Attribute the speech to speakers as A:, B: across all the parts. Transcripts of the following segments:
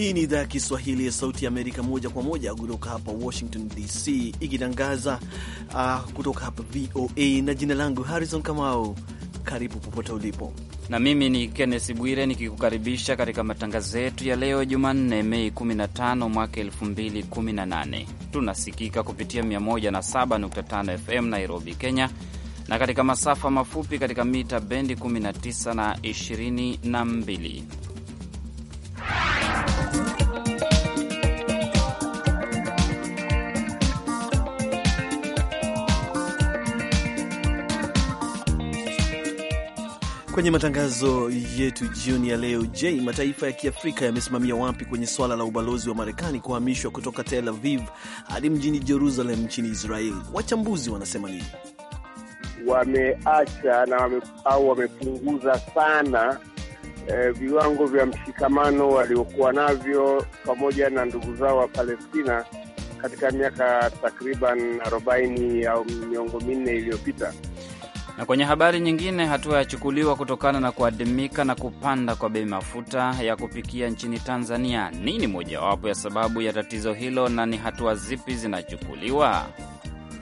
A: Hii ni idhaa ya Kiswahili ya Sauti ya Amerika, moja kwa moja kutoka hapa Washington DC, ikitangaza uh, kutoka hapa VOA na jina langu Harrison Kamau. Karibu popote ulipo,
B: na mimi ni Kennes Bwire nikikukaribisha katika matangazo yetu ya leo Jumanne, Mei 15 mwaka 2018. Tunasikika kupitia 107.5 FM Nairobi, Kenya, na katika masafa mafupi katika mita bendi 19 na 22
A: Kwenye matangazo yetu jioni ya leo, je, mataifa ya Kiafrika yamesimamia wapi kwenye swala la ubalozi wa Marekani kuhamishwa kutoka Tel Aviv hadi mjini Jerusalem nchini Israel? Wachambuzi wanasema nini?
C: Wameacha na wame, au wamepunguza sana eh, viwango vya mshikamano waliokuwa navyo pamoja na ndugu zao wa Palestina katika miaka takriban arobaini au miongo minne iliyopita.
B: Na kwenye habari nyingine, hatua yachukuliwa kutokana na kuadimika na kupanda kwa bei mafuta ya kupikia nchini Tanzania. Nini mojawapo ya sababu ya tatizo hilo na ni hatua zipi zinachukuliwa?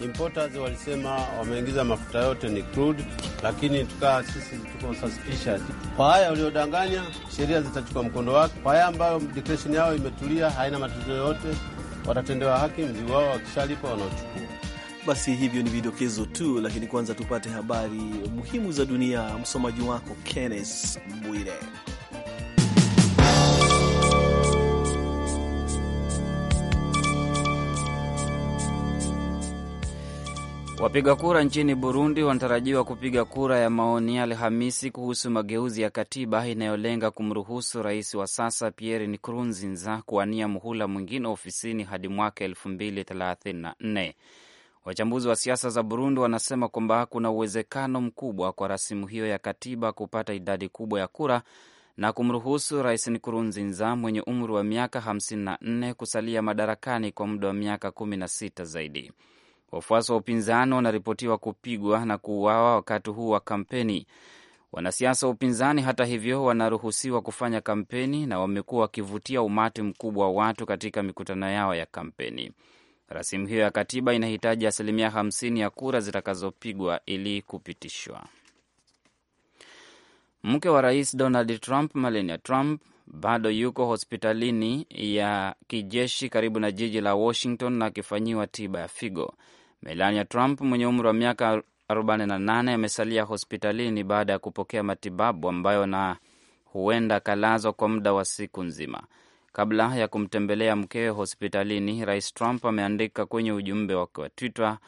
D: Importers walisema wameingiza mafuta yote ni crude, lakini tukaa sisi tuko suspicious. Kwa haya waliodanganya, sheria zitachukua mkondo wake. Kwa haya ambayo declaration yao imetulia, haina matatizo yoyote, watatendewa haki, mzigo wao wakishalipa wanaochukua basi hivyo ni vidokezo tu, lakini kwanza tupate habari
A: muhimu za dunia. Msomaji wako kennes Bwire.
B: Wapiga kura nchini Burundi wanatarajiwa kupiga kura ya maoni Alhamisi kuhusu mageuzi ya katiba inayolenga kumruhusu rais wa sasa Pierre Nkurunziza kuwania muhula mwingine ofisini hadi mwaka 2034. Wachambuzi wa siasa za Burundi wanasema kwamba kuna uwezekano mkubwa kwa rasimu hiyo ya katiba kupata idadi kubwa ya kura na kumruhusu Rais Nkurunziza mwenye umri wa miaka 54 kusalia madarakani kwa muda wa miaka 16 zaidi. Wafuasi wa upinzani wanaripotiwa kupigwa na kuuawa wakati huu wa kampeni. Wanasiasa wa upinzani, hata hivyo, wanaruhusiwa kufanya kampeni na wamekuwa wakivutia umati mkubwa wa watu katika mikutano yao ya kampeni. Rasimu hiyo ya katiba inahitaji asilimia 50 ya kura zitakazopigwa ili kupitishwa. Mke wa rais Donald Trump, Melania Trump, bado yuko hospitalini ya kijeshi karibu na jiji la Washington na akifanyiwa tiba ya figo. Melania Trump mwenye umri wa miaka 48 amesalia hospitalini baada ya kupokea matibabu ambayo na huenda akalazwa kwa muda wa siku nzima. Kabla ya kumtembelea mkewe hospitalini, Rais Trump ameandika kwenye ujumbe wake wa Twitter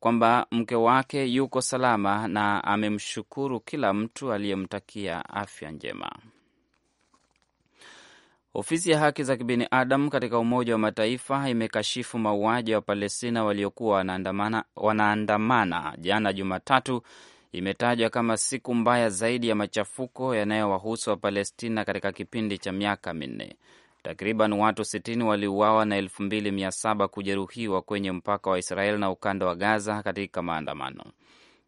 B: kwamba mke wake yuko salama na amemshukuru kila mtu aliyemtakia afya njema. Ofisi ya haki za kibinadamu katika Umoja wa Mataifa imekashifu mauaji ya Wapalestina waliokuwa wanaandamana, wanaandamana jana Jumatatu imetajwa kama siku mbaya zaidi ya machafuko yanayowahusu Wapalestina katika kipindi cha miaka minne. Takriban watu 60 waliuawa na 2700 kujeruhiwa kwenye mpaka wa Israel na ukanda wa Gaza katika maandamano.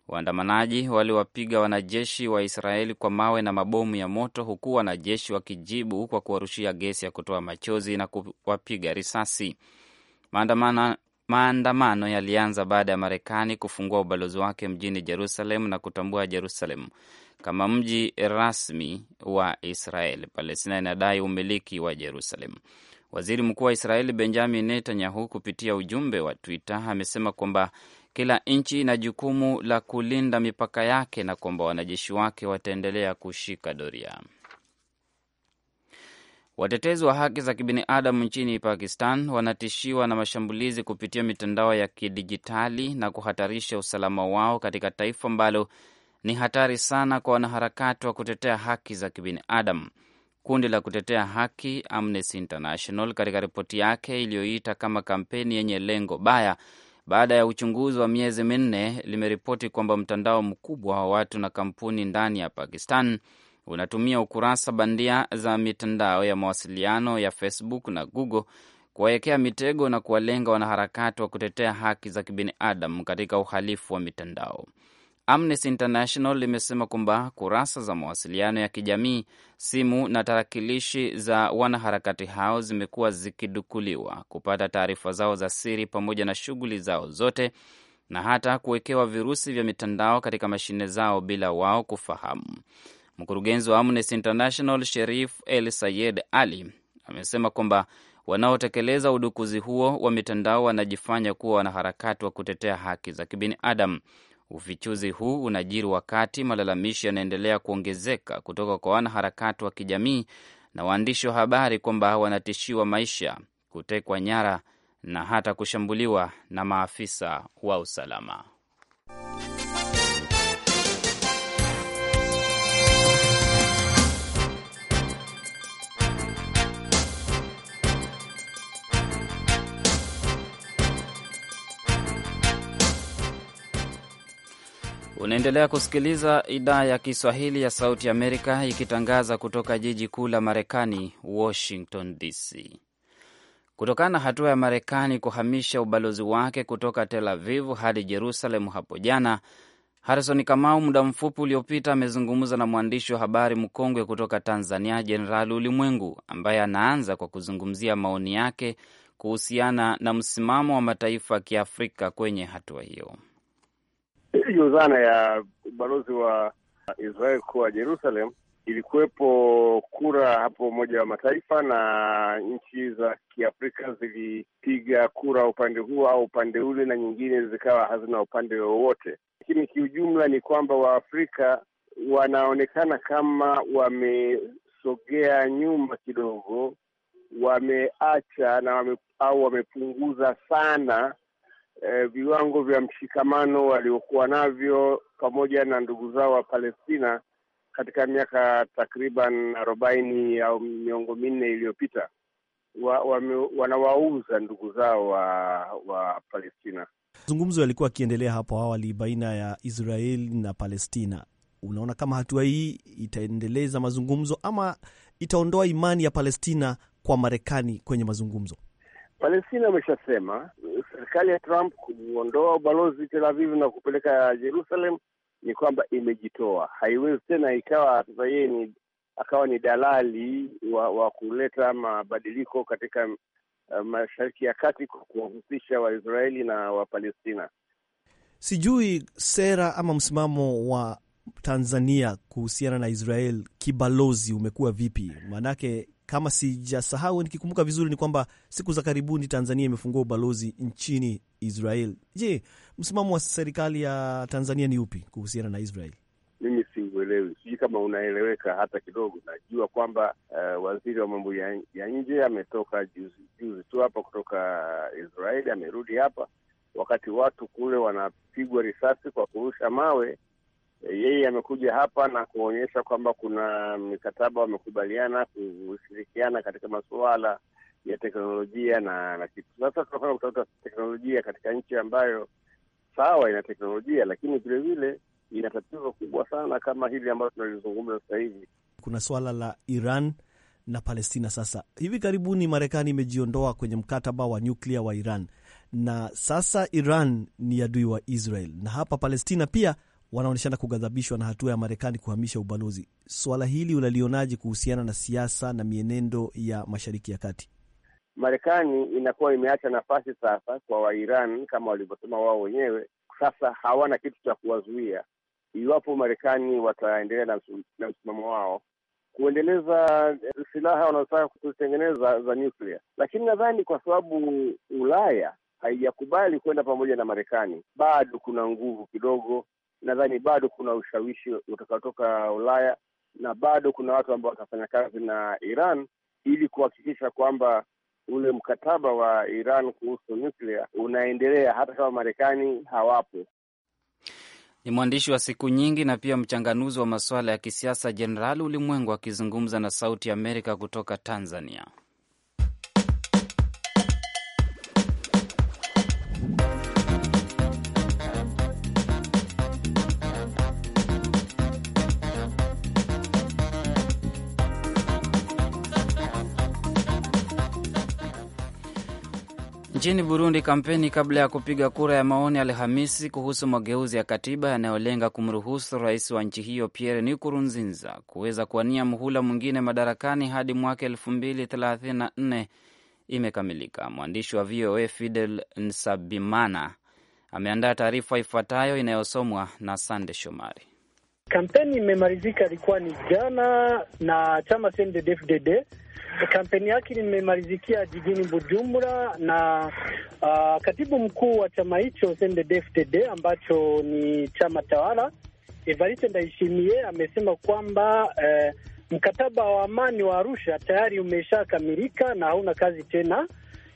B: Waandamanaji waliwapiga wanajeshi wa Israeli kwa mawe na mabomu ya moto, huku wanajeshi wakijibu kwa kuwarushia gesi ya kutoa machozi na kuwapiga risasi. Maandamano Maandamano yalianza baada ya Marekani kufungua ubalozi wake mjini Jerusalem na kutambua Jerusalem kama mji rasmi wa Israel. Palestina inadai umiliki wa Jerusalem. Waziri Mkuu wa Israeli Benjamin Netanyahu kupitia ujumbe wa Twitter amesema kwamba kila nchi ina jukumu la kulinda mipaka yake na kwamba wanajeshi wake wataendelea kushika doria. Watetezi wa haki za kibinadamu nchini Pakistan wanatishiwa na mashambulizi kupitia mitandao ya kidijitali na kuhatarisha usalama wao katika taifa ambalo ni hatari sana kwa wanaharakati wa kutetea haki za kibinadamu. Kundi la kutetea haki Amnesty International katika ripoti yake iliyoita kama kampeni yenye lengo baya, baada ya uchunguzi wa miezi minne, limeripoti kwamba mtandao mkubwa wa watu na kampuni ndani ya Pakistan unatumia ukurasa bandia za mitandao ya mawasiliano ya Facebook na Google kuwawekea mitego na kuwalenga wanaharakati wa kutetea haki za kibinadamu katika uhalifu wa mitandao. Amnesty International limesema kwamba kurasa za mawasiliano ya kijamii, simu na tarakilishi za wanaharakati hao zimekuwa zikidukuliwa kupata taarifa zao za siri pamoja na shughuli zao zote na hata kuwekewa virusi vya mitandao katika mashine zao bila wao kufahamu. Mkurugenzi wa Amnesty International Sherif El Sayed Ali amesema kwamba wanaotekeleza udukuzi huo wa mitandao wanajifanya kuwa wanaharakati wa kutetea haki za kibinadamu. Ufichuzi huu unajiri wakati malalamishi yanaendelea kuongezeka kutoka kwa wanaharakati wa kijamii na waandishi wa habari kwamba wanatishiwa maisha, kutekwa nyara na hata kushambuliwa na maafisa wa usalama. Unaendelea kusikiliza idhaa ya Kiswahili ya Sauti Amerika ikitangaza kutoka jiji kuu la Marekani, Washington DC. Kutokana na hatua ya Marekani kuhamisha ubalozi wake kutoka Tel Aviv hadi Jerusalemu hapo jana, harison Kamau muda mfupi uliopita amezungumza na mwandishi wa habari mkongwe kutoka Tanzania, Jenerali Ulimwengu, ambaye anaanza kwa kuzungumzia maoni yake kuhusiana na msimamo wa mataifa ya Kiafrika kwenye hatua hiyo
C: hiyo dhana ya ubalozi wa Israel kuwa Jerusalem ilikuwepo kura hapo Umoja wa Mataifa na nchi za Kiafrika zilipiga kura upande huo au upande ule, na nyingine zikawa hazina upande wowote. Lakini kiujumla ni kwamba Waafrika wanaonekana kama wamesogea nyuma kidogo, wameacha na wame, au wamepunguza sana eh, viwango vya mshikamano waliokuwa navyo pamoja na ndugu zao wa Palestina katika miaka takriban arobaini au miongo minne iliyopita wa, wa, wanawauza ndugu zao wa, wa Palestina.
A: Mazungumzo yalikuwa akiendelea hapo awali baina ya Israeli na Palestina. Unaona kama hatua hii itaendeleza mazungumzo ama itaondoa imani ya Palestina kwa Marekani kwenye mazungumzo?
C: Palestina wameshasema serikali ya Trump kuondoa ubalozi Tel Aviv na kupeleka Jerusalem ni kwamba imejitoa, haiwezi tena ikawa sasa yeye ni akawa ni dalali wa, wa kuleta mabadiliko katika uh, Mashariki ya Kati kwa kuwahusisha Waisraeli na Wapalestina.
A: Sijui sera ama msimamo wa Tanzania kuhusiana na Israel kibalozi umekuwa vipi? Maanake kama sijasahau, nikikumbuka vizuri, ni kwamba siku za karibuni Tanzania imefungua ubalozi nchini Israel. Je, msimamo wa serikali ya Tanzania ni upi kuhusiana na Israel?
C: Mimi siuelewi, sijui kama unaeleweka hata kidogo. Najua kwamba uh, waziri wa mambo ya, ya nje ametoka juzi juzi tu hapa kutoka Israeli, amerudi hapa wakati watu kule wanapigwa risasi kwa kurusha mawe yeye amekuja hapa na kuonyesha kwamba kuna mikataba wamekubaliana kushirikiana katika masuala ya teknolojia na na kitu. Sasa tunafanya kutafuta teknolojia katika nchi ambayo sawa ina teknolojia, lakini vilevile ina tatizo kubwa sana kama hili ambalo tunalizungumza sasa hivi.
A: Kuna suala la Iran na Palestina. Sasa hivi karibuni Marekani imejiondoa kwenye mkataba wa nyuklia wa Iran, na sasa Iran ni adui wa Israel, na hapa Palestina pia wanaonyeshana kugadhabishwa na hatua ya Marekani kuhamisha ubalozi. Swala hili unalionaje kuhusiana na siasa na mienendo ya Mashariki ya Kati?
C: Marekani inakuwa imeacha nafasi sasa kwa wairan kama walivyosema wao wenyewe. Sasa hawana kitu cha kuwazuia iwapo Marekani wataendelea na msimamo wao kuendeleza eh, silaha wanaotaka kuzitengeneza za nuklia. Lakini nadhani kwa sababu Ulaya haijakubali kwenda pamoja na Marekani, bado kuna nguvu kidogo nadhani bado kuna ushawishi utakaotoka Ulaya na bado kuna watu ambao watafanya kazi na Iran ili kuhakikisha kwamba ule mkataba wa Iran kuhusu nuklia unaendelea hata kama Marekani hawapo.
B: Ni mwandishi wa siku nyingi na pia mchanganuzi wa masuala ya kisiasa Jenerali Ulimwengu akizungumza na Sauti ya Amerika kutoka Tanzania. Nchini Burundi, kampeni kabla ya kupiga kura ya maoni Alhamisi kuhusu mageuzi ya katiba yanayolenga kumruhusu rais wa nchi hiyo Pierre Nkurunziza kuweza kuwania muhula mwingine madarakani hadi mwaka 234 imekamilika. Mwandishi wa VOA Fidel Nsabimana ameandaa taarifa ifuatayo inayosomwa na Sande Shomari.
A: Kampeni imemalizika, ilikuwa ni jana na chama CNDD-FDD Eh, kampeni yake nimemalizikia jijini Bujumbura na uh, katibu mkuu wa chama hicho CNDD-FDD ambacho ni chama tawala Evariste Ndayishimiye amesema kwamba eh, mkataba wa amani wa Arusha tayari umeshakamilika na hauna kazi tena.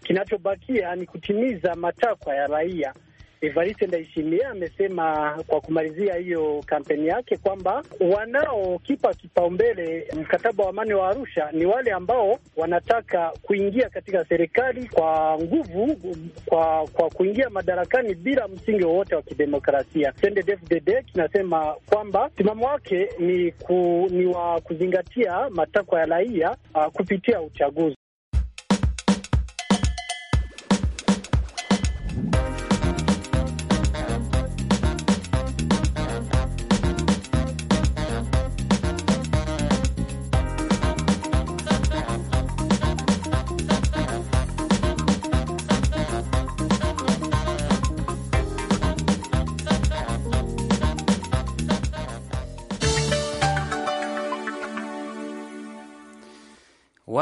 A: Kinachobakia ni kutimiza matakwa ya raia. Evariste Ndayishimiye amesema kwa kumalizia hiyo kampeni yake kwamba wanaokipa kipaumbele mkataba wa amani wa Arusha ni wale ambao wanataka kuingia katika serikali kwa nguvu, kwa kwa kuingia madarakani bila msingi wowote wa kidemokrasia. CNDD-FDD kinasema kwamba msimamo wake ni, ku, ni wa kuzingatia matakwa ya raia uh, kupitia
E: uchaguzi.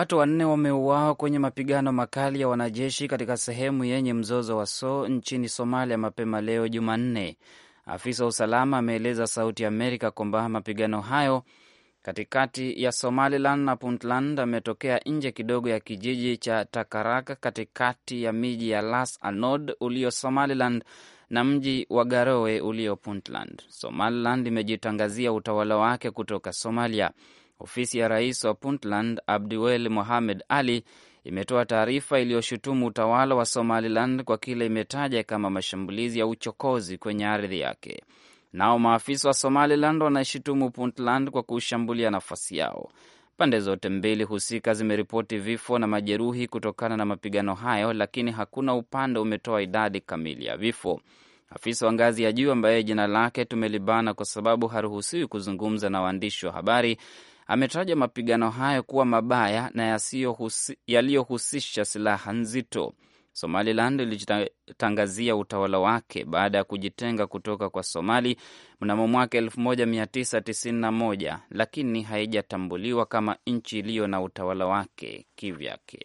B: Watu wanne wameuawa kwenye mapigano makali ya wanajeshi katika sehemu yenye mzozo wa so nchini Somalia mapema leo Jumanne. Afisa wa usalama ameeleza Sauti ya Amerika kwamba mapigano hayo katikati ya Somaliland na Puntland ametokea nje kidogo ya kijiji cha takarak katikati ya miji ya Las Anod ulio Somaliland na mji wa Garowe ulio Puntland. Somaliland imejitangazia utawala wake kutoka Somalia. Ofisi ya rais wa Puntland Abdiwel Mohamed Ali imetoa taarifa iliyoshutumu utawala wa Somaliland kwa kile imetaja kama mashambulizi ya uchokozi kwenye ardhi yake. Nao maafisa wa Somaliland wanashutumu Puntland kwa kushambulia nafasi yao. Pande zote mbili husika zimeripoti vifo na majeruhi kutokana na mapigano hayo, lakini hakuna upande umetoa idadi kamili ya vifo. Afisa wa ngazi ya juu ambaye jina lake tumelibana kwa sababu haruhusiwi kuzungumza na waandishi wa habari ametaja mapigano hayo kuwa mabaya na yaliyohusisha silaha nzito. Somaliland ilijitangazia utawala wake baada ya kujitenga kutoka kwa Somali mnamo mwaka 1991 lakini haijatambuliwa kama nchi iliyo na utawala wake kivyake.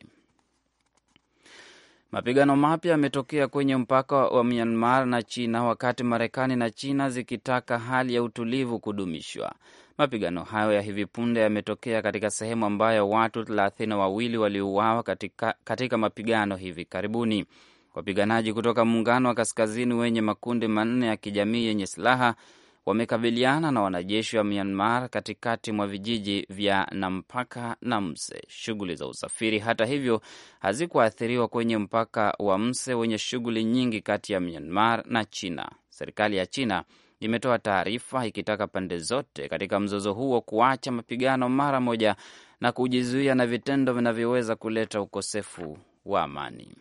B: Mapigano mapya yametokea kwenye mpaka wa Myanmar na China wakati Marekani na China zikitaka hali ya utulivu kudumishwa. Mapigano hayo ya hivi punde yametokea katika sehemu ambayo watu thelathini na wawili waliuawa katika, katika mapigano hivi karibuni. Wapiganaji kutoka muungano wa kaskazini wenye makundi manne ya kijamii yenye silaha wamekabiliana na wanajeshi wa Myanmar katikati mwa vijiji vya Nampaka na Mse. Shughuli za usafiri hata hivyo hazikuathiriwa kwenye mpaka wa Mse wenye shughuli nyingi kati ya Myanmar na China. Serikali ya China imetoa taarifa ikitaka pande zote katika mzozo huo kuacha mapigano mara moja na kujizuia na vitendo vinavyoweza kuleta ukosefu wa amani.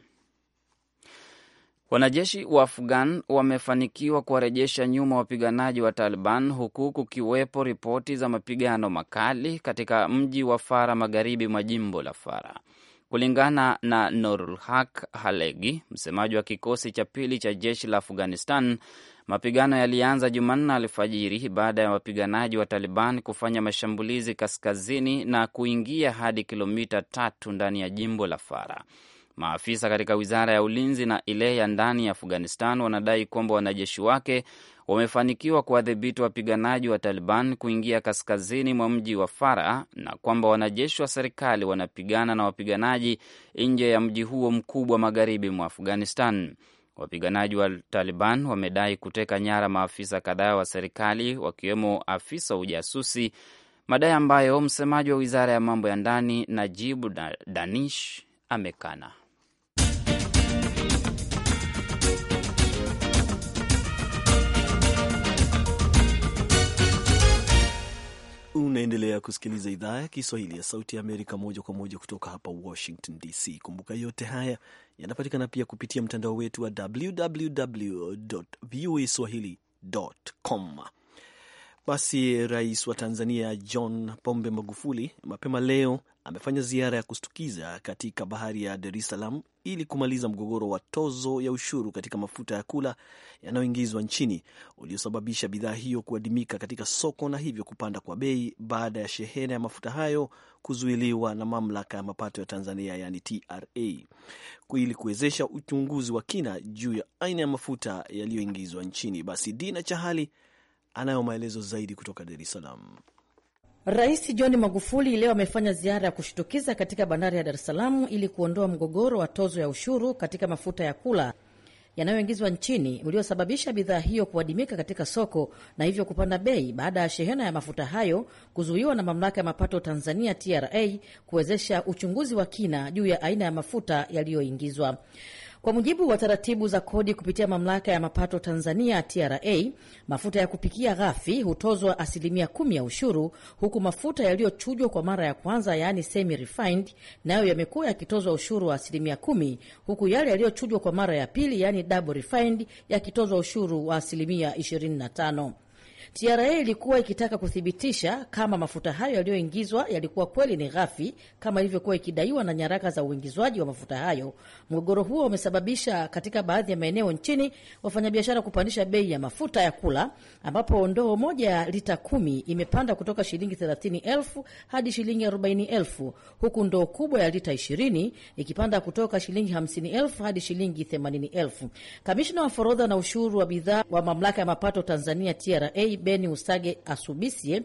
B: Wanajeshi wa Afghan wamefanikiwa kuwarejesha nyuma wapiganaji wa Taliban huku kukiwepo ripoti za mapigano makali katika mji wa Fara magharibi mwa jimbo la Fara. Kulingana na Nurul Haq Halegi, msemaji wa kikosi cha pili cha jeshi la Afghanistan, Mapigano yalianza Jumanne alfajiri baada ya wapiganaji wa Taliban kufanya mashambulizi kaskazini na kuingia hadi kilomita tatu ndani ya jimbo la Fara. Maafisa katika wizara ya ulinzi na ile ya ndani ya Afghanistan wanadai kwamba wanajeshi wake wamefanikiwa kuwadhibiti wapiganaji wa Taliban kuingia kaskazini mwa mji wa Fara na kwamba wanajeshi wa serikali wanapigana na wapiganaji nje ya mji huo mkubwa magharibi mwa Afghanistan. Wapiganaji wa Taliban wamedai kuteka nyara maafisa kadhaa wa serikali wakiwemo afisa wa ujasusi, madai ambayo msemaji wa wizara ya mambo ya ndani Najibu Danish amekana.
A: Unaendelea kusikiliza idhaa ya Kiswahili ya Sauti ya Amerika moja kwa moja kutoka hapa Washington DC. Kumbuka yote haya yanapatikana pia kupitia mtandao wetu wa www voa swahili com. Basi rais wa Tanzania John Pombe Magufuli mapema leo amefanya ziara ya kushtukiza katika bahari ya Dar es Salaam ili kumaliza mgogoro wa tozo ya ushuru katika mafuta ya kula yanayoingizwa nchini uliosababisha bidhaa hiyo kuadimika katika soko na hivyo kupanda kwa bei baada ya shehena ya mafuta hayo kuzuiliwa na mamlaka ya mapato ya Tanzania yani TRA ili kuwezesha uchunguzi wa kina juu ya aina ya mafuta yaliyoingizwa nchini. Basi Dina Chahali anayo maelezo zaidi kutoka
F: Dar es Salaam. Rais John Magufuli leo amefanya ziara ya kushtukiza katika bandari ya Dar es Salaam ili kuondoa mgogoro wa tozo ya ushuru katika mafuta ya kula yanayoingizwa nchini uliosababisha bidhaa hiyo kuadimika katika soko na hivyo kupanda bei baada ya shehena ya mafuta hayo kuzuiwa na mamlaka ya mapato Tanzania TRA kuwezesha uchunguzi wa kina juu ya aina ya mafuta yaliyoingizwa. Kwa mujibu wa taratibu za kodi kupitia mamlaka ya mapato Tanzania TRA, mafuta ya kupikia ghafi hutozwa asilimia kumi ya ushuru, huku mafuta yaliyochujwa kwa mara ya kwanza yaani semi refined nayo yamekuwa yakitozwa ushuru wa asilimia kumi, huku yale yaliyochujwa kwa mara ya pili yaani double refined yakitozwa ushuru wa asilimia tano. TRA ilikuwa ikitaka kuthibitisha kama mafuta hayo yaliyoingizwa yalikuwa kweli ni ghafi kama ilivyokuwa ikidaiwa na nyaraka za uingizwaji wa mafuta hayo. Mgogoro huo umesababisha katika baadhi ya maeneo nchini wafanyabiashara kupandisha bei ya mafuta ya kula, ambapo ndoo moja ya lita kumi imepanda kutoka shilingi thelathini elfu hadi shilingi arobaini elfu huku ndoo kubwa ya lita ishirini ikipanda kutoka shilingi hamsini elfu hadi shilingi themanini elfu. Kamishna wa forodha na ushuru wa bidhaa wa mamlaka ya mapato Tanzania TRA Beni Usage Asubisye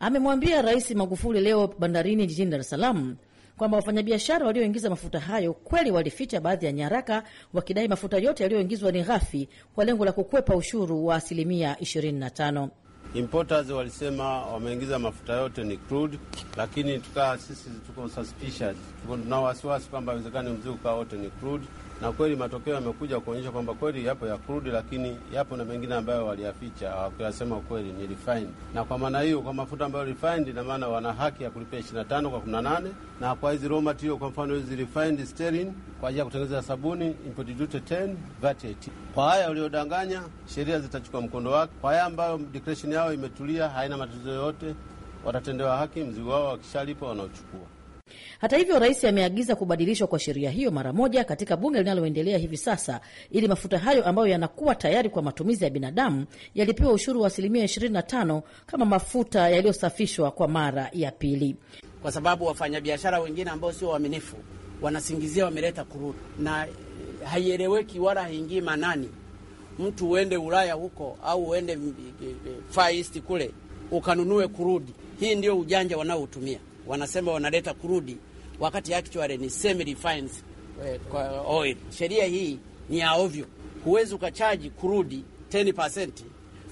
F: amemwambia Rais Magufuli leo bandarini jijini Dar es Salaam kwamba wafanyabiashara walioingiza mafuta hayo kweli walificha baadhi ya nyaraka wakidai mafuta yote yaliyoingizwa ni ghafi kwa lengo la kukwepa ushuru wa asilimia 25.
D: Importers walisema wameingiza mafuta yote ni crude, lakini tukaa sisi tuko suspicious, tuna wasiwasi kwamba awezekani mzigo ukawa wote ni crude na kweli matokeo yamekuja kuonyesha kwamba kweli yapo ya kurudi, lakini yapo na mengine ambayo waliyaficha, hawakuyasema kweli ni refined. Na kwa maana hiyo, kwa mafuta ambayo refined, ina maana wana haki ya kulipia 25 kwa 18, na kwa hizi raw material, kwa mfano hizi refined sterling kwa ajili ya kutengeneza sabuni, import duty 10, VAT Kwa haya waliodanganya, sheria zitachukua mkondo wake. Kwa haya ambayo declaration yao imetulia, haina matatizo yoyote, watatendewa haki, mzigo wao wakishalipa wanaochukua
F: hata hivyo, rais ameagiza kubadilishwa kwa sheria hiyo mara moja katika bunge linaloendelea hivi sasa, ili mafuta hayo ambayo yanakuwa tayari kwa matumizi ya binadamu yalipewa ushuru wa asilimia 25 kama mafuta yaliyosafishwa kwa mara ya pili,
D: kwa sababu wafanyabiashara wengine ambao sio waaminifu wanasingizia wameleta kurudi, na haieleweki wala haingii manani. Mtu uende Ulaya huko au uende Far East kule ukanunue kurudi. Hii ndio ujanja wanaohutumia wanasema wanaleta kurudi, wakati actually ni semi refined eh, oil. Sheria hii ni ya ovyo, huwezi ukachaji kurudi 10%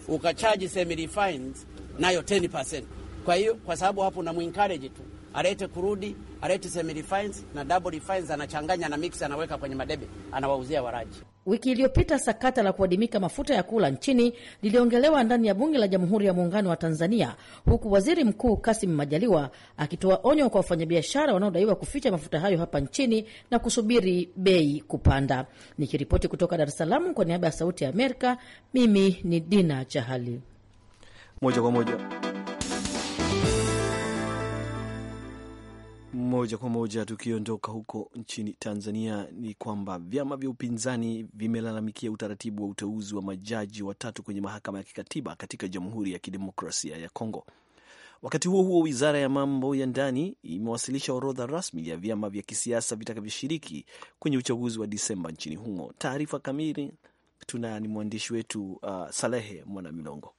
D: ukachaji semi refined nayo 10%. Kwa hiyo kwa sababu hapo na mwinkareji tu alete kurudi aleti semi refines na double refines, anachanganya na mix, anaweka kwenye madebe, anawauzia waraji.
F: Wiki iliyopita sakata la kuadimika mafuta ya kula nchini liliongelewa ndani ya Bunge la Jamhuri ya Muungano wa Tanzania, huku Waziri Mkuu Kasim Majaliwa akitoa onyo kwa wafanyabiashara wanaodaiwa kuficha mafuta hayo hapa nchini na kusubiri bei kupanda. Nikiripoti kutoka Dar es Salaam kwa niaba ya Sauti ya Amerika, mimi ni Dina Chahali,
A: moja kwa moja. Moja kwa moja tukiondoka huko nchini Tanzania, ni kwamba vyama vya upinzani vimelalamikia utaratibu wa uteuzi wa majaji watatu kwenye mahakama ya kikatiba katika Jamhuri ya Kidemokrasia ya Kongo. Wakati huo huo, wizara ya mambo ya ndani imewasilisha orodha rasmi ya vyama vya kisiasa vitakavyoshiriki kwenye uchaguzi wa Disemba nchini humo. Taarifa kamili
G: tunaye ni mwandishi wetu uh, Salehe Mwanamilongo.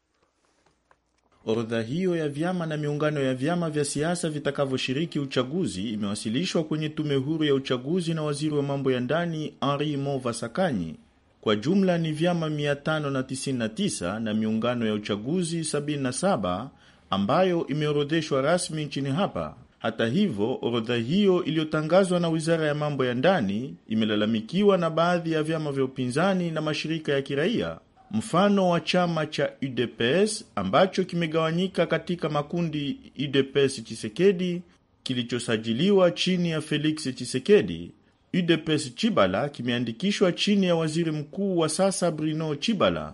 G: Orodha hiyo ya vyama na miungano ya vyama vya siasa vitakavyoshiriki uchaguzi imewasilishwa kwenye tume huru ya uchaguzi na waziri wa mambo ya ndani Henri Mova Sakanyi. Kwa jumla ni vyama 599 na, na miungano ya uchaguzi 77 ambayo imeorodheshwa rasmi nchini hapa. Hata hivyo, orodha hiyo iliyotangazwa na wizara ya mambo ya ndani imelalamikiwa na baadhi ya vyama vya upinzani na mashirika ya kiraia mfano wa chama cha UDPS ambacho kimegawanyika katika makundi UDPS Chisekedi kilichosajiliwa chini ya Felix Chisekedi. UDPS Chibala kimeandikishwa chini ya waziri mkuu wa sasa Bruno Chibala.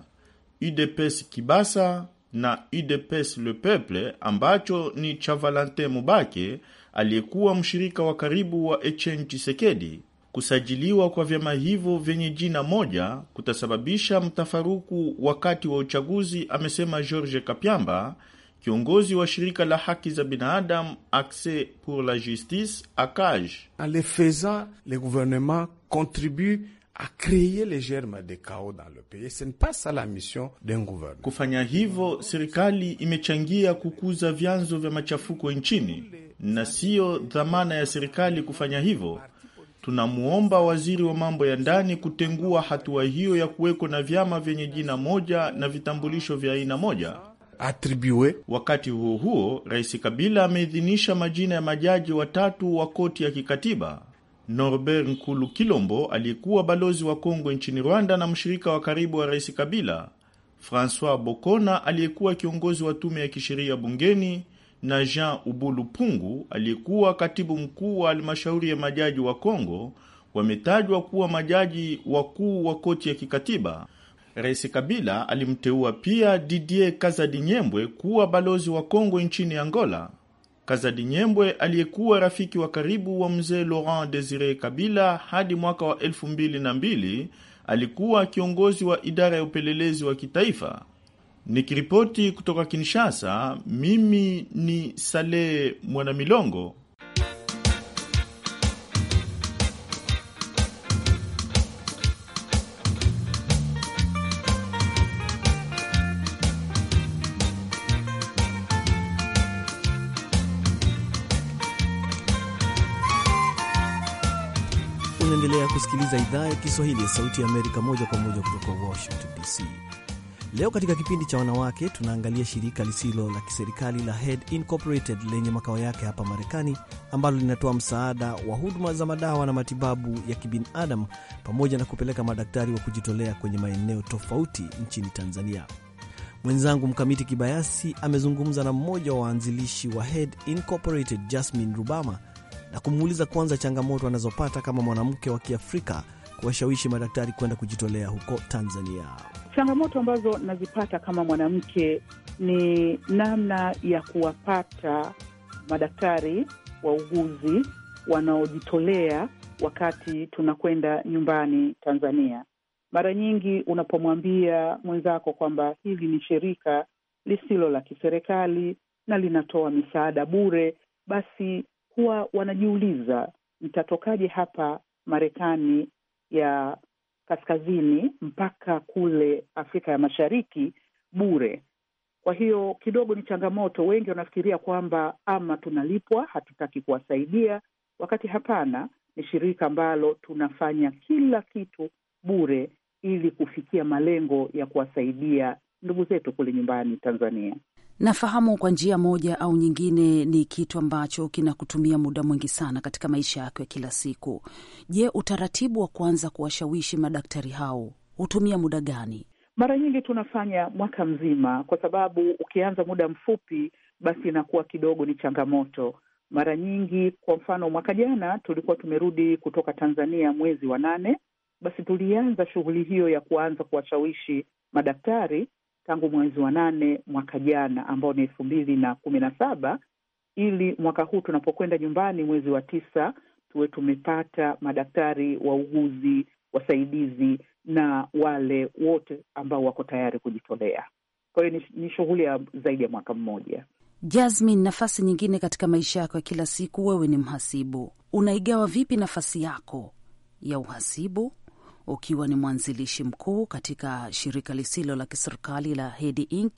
G: UDPS Kibasa na UDPS Le Peuple ambacho ni cha Valentin Mubake aliyekuwa mshirika wa karibu wa Etienne Chisekedi Kusajiliwa kwa vyama hivyo vyenye jina moja kutasababisha mtafaruku wakati wa uchaguzi, amesema George Kapyamba, kiongozi wa shirika la haki za binadamu Access pour la Justice ACAJ. En le faisant, le gouvernement contribue a de chaos dans le pays. Ce n'est pas ça la mission d'un gouvernement. Kufanya hivyo, serikali imechangia kukuza vyanzo vya machafuko nchini, na siyo dhamana ya serikali kufanya hivyo. Tunamwomba waziri wa mambo ya ndani kutengua hatua hiyo ya kuweko na vyama vyenye jina moja na vitambulisho vya aina moja atribue. Wakati huo huo, Rais Kabila ameidhinisha majina ya majaji watatu wa koti ya kikatiba. Norbert Nkulu Kilombo aliyekuwa balozi wa Kongo nchini Rwanda na mshirika wa karibu wa Rais Kabila, françois Bokona aliyekuwa kiongozi wa tume ya kisheria bungeni na Jean Ubulu Pungu aliyekuwa katibu mkuu wa halmashauri ya majaji wa Kongo wametajwa kuwa majaji wakuu wa koti ya kikatiba. Rais Kabila alimteua pia Didier Kazadi Nyembwe kuwa balozi wa Kongo nchini Angola. Kazadi Nyembwe aliyekuwa rafiki wa karibu wa mzee Laurent Desire Kabila hadi mwaka wa elfu mbili na mbili alikuwa kiongozi wa idara ya upelelezi wa kitaifa Nikiripoti kutoka Kinshasa, mimi ni Sale Mwanamilongo.
A: Unaendelea kusikiliza idhaa ya Kiswahili ya Sauti ya Amerika moja kwa moja kutoka Washington DC. Leo katika kipindi cha wanawake tunaangalia shirika lisilo la kiserikali la Head Incorporated lenye makao yake hapa Marekani ambalo linatoa msaada wa huduma za madawa na matibabu ya kibinadamu pamoja na kupeleka madaktari wa kujitolea kwenye maeneo tofauti nchini Tanzania. Mwenzangu Mkamiti Kibayasi amezungumza na mmoja wa waanzilishi wa Head Incorporated, Jasmine Rubama, na kumuuliza kwanza changamoto anazopata kama mwanamke wa Kiafrika kuwashawishi madaktari kwenda kujitolea huko
E: Tanzania. Changamoto ambazo nazipata kama mwanamke ni namna ya kuwapata madaktari, wauguzi wanaojitolea wakati tunakwenda nyumbani Tanzania. Mara nyingi unapomwambia mwenzako kwamba hili ni shirika lisilo la kiserikali na linatoa misaada bure, basi huwa wanajiuliza nitatokaje hapa Marekani ya kaskazini mpaka kule Afrika ya Mashariki bure. Kwa hiyo kidogo ni changamoto. Wengi wanafikiria kwamba ama tunalipwa, hatutaki kuwasaidia, wakati hapana, ni shirika ambalo tunafanya kila kitu bure ili kufikia malengo ya kuwasaidia ndugu zetu kule nyumbani Tanzania.
H: Nafahamu kwa njia moja au nyingine ni kitu ambacho kinakutumia muda mwingi sana katika maisha yako ya kila siku. Je, utaratibu wa kuanza kuwashawishi madaktari hao hutumia muda gani?
E: Mara nyingi tunafanya mwaka mzima, kwa sababu ukianza muda mfupi, basi inakuwa kidogo ni changamoto. Mara nyingi, kwa mfano, mwaka jana tulikuwa tumerudi kutoka Tanzania mwezi wa nane, basi tulianza shughuli hiyo ya kuanza kuwashawishi madaktari tangu mwezi wa nane mwaka jana ambao ni elfu mbili na kumi na saba ili mwaka huu tunapokwenda nyumbani mwezi wa tisa tuwe tumepata madaktari, wauguzi, wasaidizi na wale wote ambao wako tayari kujitolea. Kwa hiyo ni, ni shughuli ya zaidi ya mwaka mmoja.
H: jasmin nafasi nyingine katika maisha yako ya kila siku, wewe ni mhasibu, unaigawa vipi nafasi yako ya uhasibu ukiwa ni mwanzilishi mkuu katika shirika lisilo la kiserikali la Hedi Inc.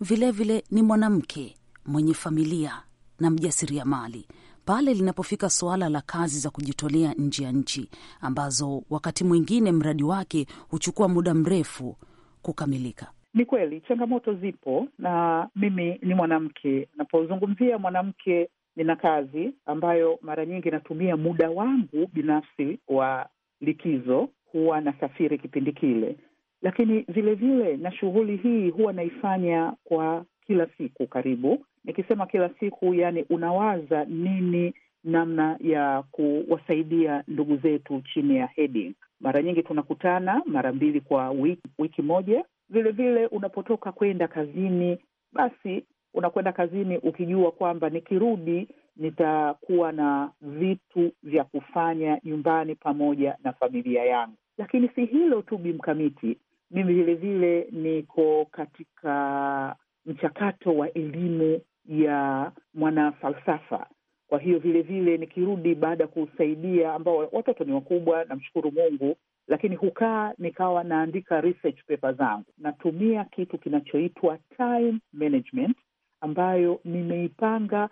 H: Vilevile vile ni mwanamke mwenye familia na mjasiriamali pale linapofika suala la kazi za kujitolea nje ya nchi ambazo wakati mwingine mradi wake huchukua muda mrefu kukamilika.
E: Ni kweli changamoto zipo, na mimi ni mwanamke. Napozungumzia mwanamke, nina kazi ambayo mara nyingi natumia muda wangu binafsi wa likizo huwa nasafiri kipindi kile, lakini vilevile na shughuli hii huwa naifanya kwa kila siku karibu. Nikisema kila siku, yani unawaza nini, namna ya kuwasaidia ndugu zetu chini ya heading. Mara nyingi tunakutana mara mbili kwa wiki, wiki moja. Vilevile unapotoka kwenda kazini, basi unakwenda kazini ukijua kwamba nikirudi nitakuwa na vitu vya kufanya nyumbani pamoja na familia yangu. Lakini si hilo tu, Bimkamiti, mimi vilevile niko katika mchakato wa elimu ya mwanafalsafa. Kwa hiyo vilevile nikirudi baada ya kusaidia, ambao watoto ni wakubwa, namshukuru Mungu, lakini hukaa nikawa naandika research paper zangu, natumia kitu kinachoitwa time management ambayo nimeipanga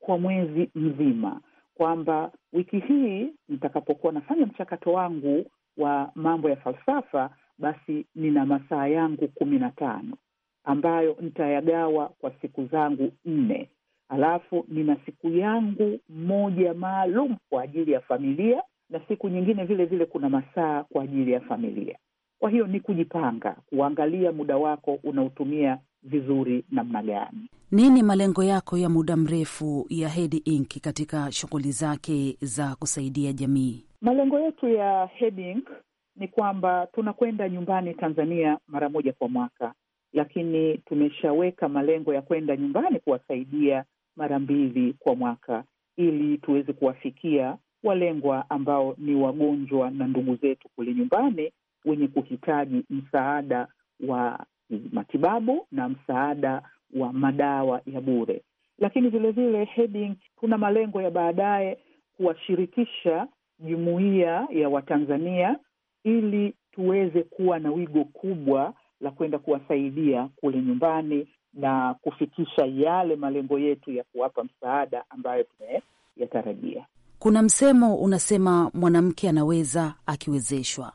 E: kwa mwezi mzima, kwamba wiki hii nitakapokuwa nafanya mchakato wangu wa mambo ya falsafa, basi nina masaa yangu kumi na tano ambayo nitayagawa kwa siku zangu nne, alafu nina siku yangu moja maalum kwa ajili ya familia na siku nyingine vile vile kuna masaa kwa ajili ya familia. Kwa hiyo ni kujipanga, kuangalia muda wako unaotumia vizuri namna gani.
H: Nini malengo yako ya muda mrefu ya Hedi Inc katika shughuli zake za kusaidia
E: jamii? Malengo yetu ya Hedi Inc ni kwamba tunakwenda nyumbani Tanzania mara moja kwa mwaka, lakini tumeshaweka malengo ya kwenda nyumbani kuwasaidia mara mbili kwa mwaka ili tuweze kuwafikia walengwa ambao ni wagonjwa na ndugu zetu kule nyumbani wenye kuhitaji msaada wa matibabu na msaada wa madawa ya bure. Lakini vilevile heading, kuna malengo ya baadaye kuwashirikisha jumuiya ya Watanzania ili tuweze kuwa na wigo kubwa la kwenda kuwasaidia kule nyumbani na kufikisha yale malengo yetu ya kuwapa msaada ambayo tumeyatarajia.
H: Kuna msemo unasema mwanamke anaweza akiwezeshwa.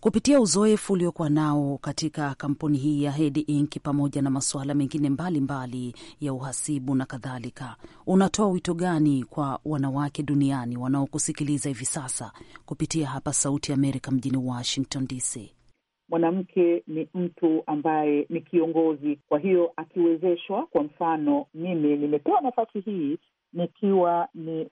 H: Kupitia uzoefu uliokuwa nao katika kampuni hii ya Hedi Inc pamoja na masuala mengine mbalimbali mbali ya uhasibu na kadhalika, unatoa wito gani kwa wanawake duniani wanaokusikiliza hivi sasa kupitia hapa Sauti ya Amerika mjini Washington DC?
E: Mwanamke ni mtu ambaye ni kiongozi, kwa hiyo akiwezeshwa, kwa mfano mimi nimepewa nafasi hii nikiwa ni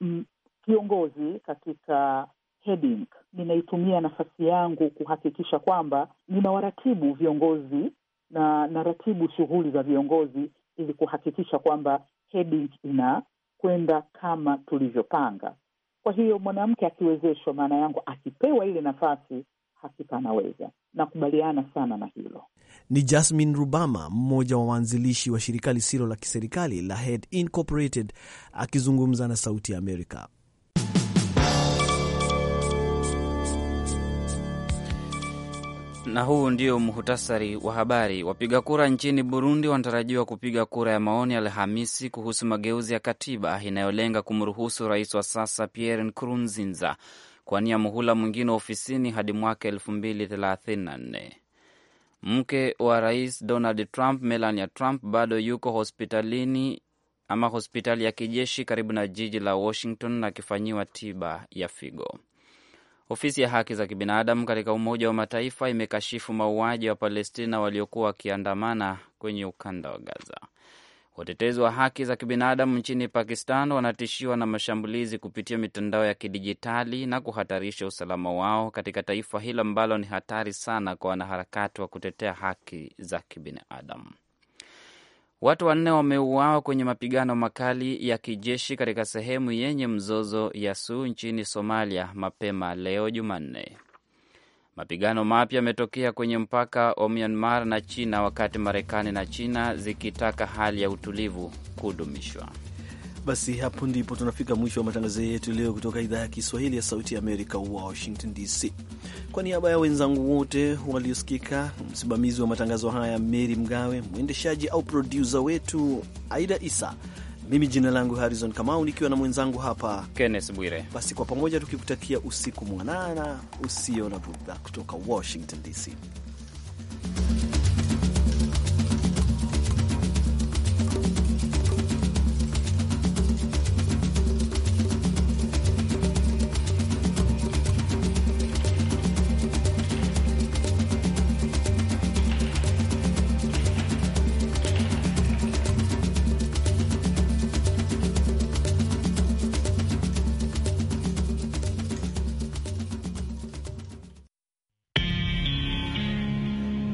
E: kiongozi katika heading, ninaitumia nafasi yangu kuhakikisha kwamba ninawaratibu viongozi na naratibu shughuli za viongozi ili kuhakikisha kwamba heading ina kwenda kama tulivyopanga. Kwa hiyo mwanamke akiwezeshwa, maana yangu akipewa ile nafasi, hakika anaweza. Nakubaliana sana na hilo.
A: Ni Jasmine Rubama, mmoja wa waanzilishi wa shirika lisilo la kiserikali la Head Incorporated, akizungumza na Sauti ya Amerika.
B: Na huu ndio muhutasari wa habari. Wapiga kura nchini Burundi wanatarajiwa kupiga kura ya maoni Alhamisi kuhusu mageuzi ya katiba inayolenga kumruhusu rais wa sasa Pierre Nkurunziza kuania muhula mwingine wa ofisini hadi mwaka 2034. Mke wa rais Donald Trump, Melania Trump, bado yuko hospitalini ama hospitali ya kijeshi karibu na jiji la Washington akifanyiwa tiba ya figo. Ofisi ya haki za kibinadamu katika Umoja wa Mataifa imekashifu mauaji wa Palestina waliokuwa wakiandamana kwenye ukanda wa Gaza. Watetezi wa haki za kibinadamu nchini Pakistan wanatishiwa na mashambulizi kupitia mitandao ya kidijitali na kuhatarisha usalama wao katika taifa hilo ambalo ni hatari sana kwa wanaharakati wa kutetea haki za kibinadamu. Watu wanne wameuawa kwenye mapigano makali ya kijeshi katika sehemu yenye mzozo ya Suu nchini Somalia mapema leo Jumanne. Mapigano mapya yametokea kwenye mpaka wa Myanmar na China wakati Marekani na China zikitaka hali ya utulivu kudumishwa.
A: Basi hapo ndipo tunafika mwisho wa matangazo yetu leo kutoka idhaa ya Kiswahili ya Sauti ya Amerika, Washington DC. Kwa niaba ya wenzangu wote waliosikika, msimamizi wa matangazo haya Meri Mgawe, mwendeshaji au produsa wetu Aida Isa, mimi jina langu Harrison Kamau nikiwa na mwenzangu hapa Kenneth Bwire, basi kwa pamoja tukikutakia usiku mwanana usio na budha kutoka Washington DC.